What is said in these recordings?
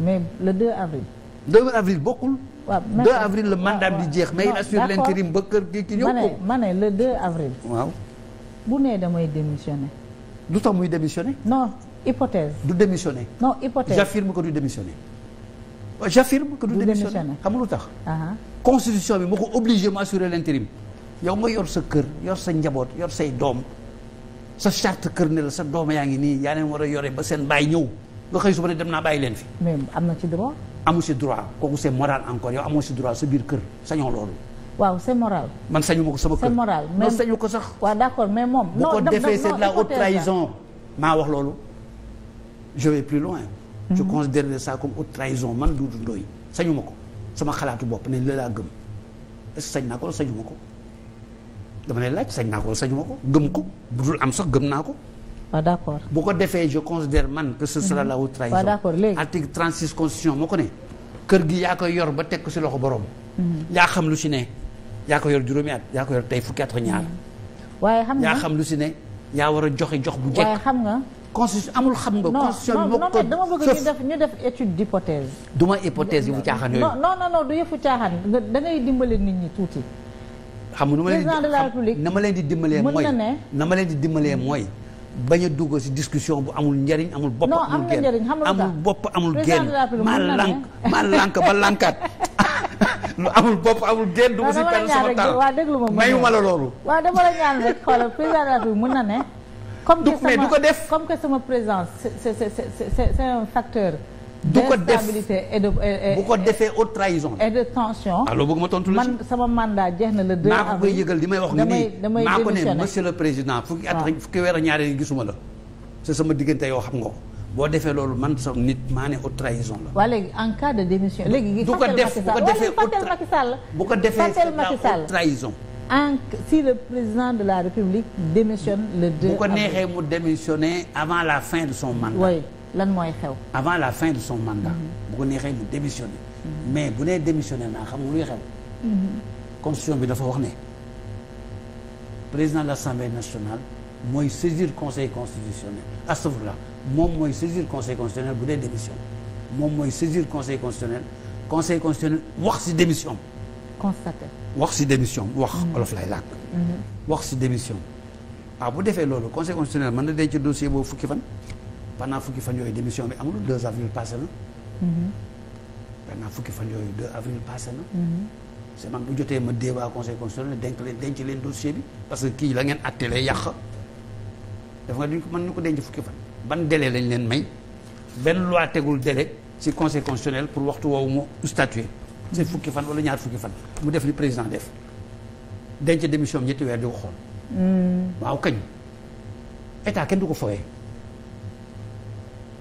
mais le 2 avril. 2 avril bokkul. waaw 2 avril la mandat bi jeex. mais il assure l'intérim ba kër gi ki ñëw ko. ma ne le 2 avril. waaw. bu nee damay démissionner. du tax muy démissionner. non hypothèse. du démissionner. non hypothèse j'affirme que du démissionner. j'affirme que du démissionner xam nga lu tax. Uh-huh. constitution bi moo ko obligé mu assurer l'intérim. yow nga yor sa kër yor sa njaboot yor say doom sa charte kër ne la sa doom yaa ngi nii yaa leen war a yore ba seen baay ñëw. nga xëy suba ne dem naa bàyyi leen fi. mais am na ci droit. amu si droit kooku c'est moral encore yow amoo si droit sa biir kër sañoo loolu. waaw c'est moral. man sañu ma ko sama kër sañu ko sax. waaw d'accord mais moom. bu ko defee c'est maa wax loolu je je mhm. considère ça comme haute trahison man Doudou Ndoye sañu ma ko sama xalaatu bopp ne la gëm sañ naa ko sañu ma ko sañ naa ko sañu ma ko gëm ko bu am sax gëm naa ko. waaw d' accord bu ko defee je considère man que ce sera mhm. la haute trahison. moo ko ne. kër gi yaa koy yor ba teg ko si loxo borom. Mhm. yaa xam lu si ne. yaa ko yor juróomi at yaa ko yor tey fukki at ak ñaar. Mhm. waaye xam nga xam lu si ne. yaa war a joxe jox bu jekk xam nga. constitution amul xam nga. constitution bi moo ko dama bëgg ñu du ma hypothèse yu bu caaxaan yooyu. non non non da ngay dimbale nit ñi xam nga nu ma leen na ma leen di dimbalee mooy na ma leen di dimbalee mooy bañ a dugg si discussion bu amul njariñ amul bopp amul génn amul bopp amul génn maa lànk maa lànk ba lànkaat mu amul bopp amul génn dugg ah, ci période sama taal waaw déglu ma mayuma la loolu waaw mën na ne comme que sama comme que sama présence c'est c'est c'est c'est un facteur du ko def bu ko defee haute trahison. et de tension bëgg ma tontu la man sama mandat jeex na le deux avril maa ko may wax. damay damay maa ko président. fukki at fukki gisuma la. sama diggante yoo xam nga ko boo defee loolu man sa nit maa ne haute trahison la. waa léegi en cas de léegi du ko def bu ko bu ko defee haute trahison. en si le président de la République démissionne le 2 avril bu ko neexee mu démissionner avant la fin de son mandat. lan mooy xew. avant la fin de son mandat. Mm-hmm. bu ko neexee mu démissionné. Mm-hmm. mais bu nee démissionné naa xam nga luy xew. Mm-hmm. constitution bi dafa wax ne président de l' assemblée nationale mooy saisir conseil constitutionnel astafurlah moom mooy saisir conseil constitutionnel bu dee démission moom mooy saisir conseil constitutionnel conseil constitutionnel wax si démission. constaté wax si démission wax. olof lay làkk. wax si démission. ah bu defee loolu conseil constitutionnel mën na denc dossier boobu fukki fan. pendant fukki fan yooyu démission bi amul 2 avril passé na. pendant fukki fan yooyu 2 avril passé na. c'est bu jotee ma débat conseil constitutionnel denc leen denc leen dossier bi parce que kii la ngeen attelé yàq. dafa nga duñ ko mën ñu ko denc fukki fan. ban délai lañ leen may benn loi tegul délai si conseil constitutionnel pour waxtu woowu mu statuer. c'est fukki fan wala ñaar fukki fan mu def li président def denc démission ñetti weer di ko xool. Hmm. waaw k état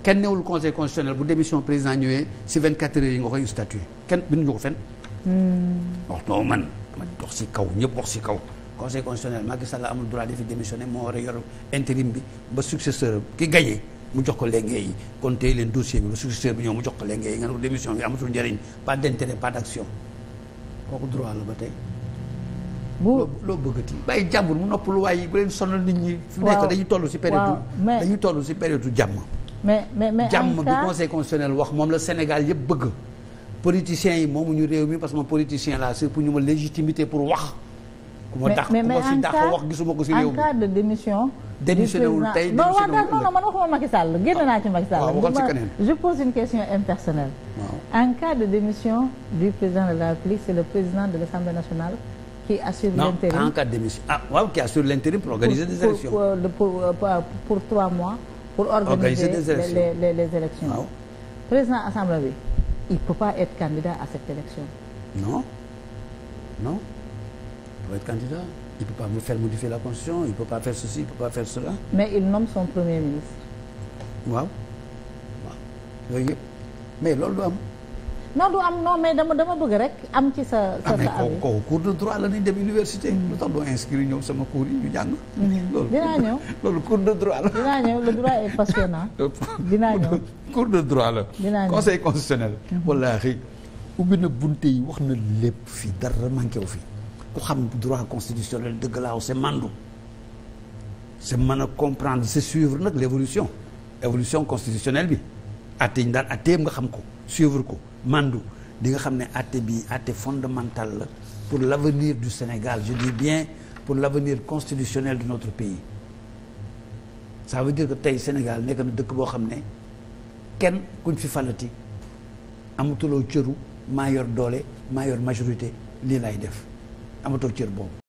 kenn newul conseil constitutionnel bu démission président ñëwee si 24 heures yi nga koy statuer kenn binduñu ko fenn. Hmm. wax noo man ma dox si kaw ñëpp wax si kaw. conseil constitutionnel Macky Sall amul droit de fi démissionner moo war a yor intérim bi ba successeur ki gagné mu jox ko lenge yi kon te leen dossier bi ba successeur bi ñëw mu jox ko lenge yi nga ne ko démission bi amatul njëriñ pas d'intérêt pas d'action kooku droit la ba te bu loo bëggati bàyyi jàmbur mu nopp lu yi bu leen nit ñi. fu nekk dañuy toll si période dañuy toll si période jàmm. mais mais mais jàmm bi conseil constitutionnel wax moom la Sénégal yëpp bëgg. politiciens yi moomu ñu réew mi parce que man politicien laa c'est pour ñu ma légitimité pour wax. ku ma tax ku ma si tax wax gisuma ko si réew mi en cas de démission. démissionné wul tey démissionné wul non non non man waxuma Macky Sall génn naa ci Macky Sall. Ah, waaw waxal ci keneen je pose une question impersonnelle. waaw en cas de démission du président de la République c'est le président de l'Assemblée nationale. qui assure l'intérim non en cas de démission ah waaw qui assure l'intérim pour organiser des élections pour pour pour trois mois. pour organiser des élections les les président il peut pas être candidat à cette élection. non non il peut être candidat il peut pas faire modifier la constitution il peut pas faire ceci il peut pas faire cela. mais il nomme son premier ministre. waaw waaw yooyu mais loolu non du am non mais dama dama bëgg rek am ci sa sa ah, sa avis kooku cours de droit la ñuy dem université mm. lu tax doo inscrit ñoom sama cours yi ñu jàng mm. loolu dinaa cours de droit la dinaa ñëw le droit est passionnant dinaa ñëw cours mm-hmm. ubbi na bunte yi wax na lépp fii dara manqué wu fi ku xam droit constitutionnel dëgg laaw c'est mandu c'est man a comprendre c'est suivre nag l'évolution évolution constitutionnelle bi atte ñu daan atteem nga xam ko suivre ko mandu di nga xam ne àtte bi àtte fondamental la pour l'avenir du Sénégal je dis bien pour l'avenir constitutionnel de notre pays ça veut dire que tey Sénégal nekk na dëkk boo xam ne kenn kuñ fi falati amatuloo cëru maa yor doole maa majorité lii lay def amatoo cër boobu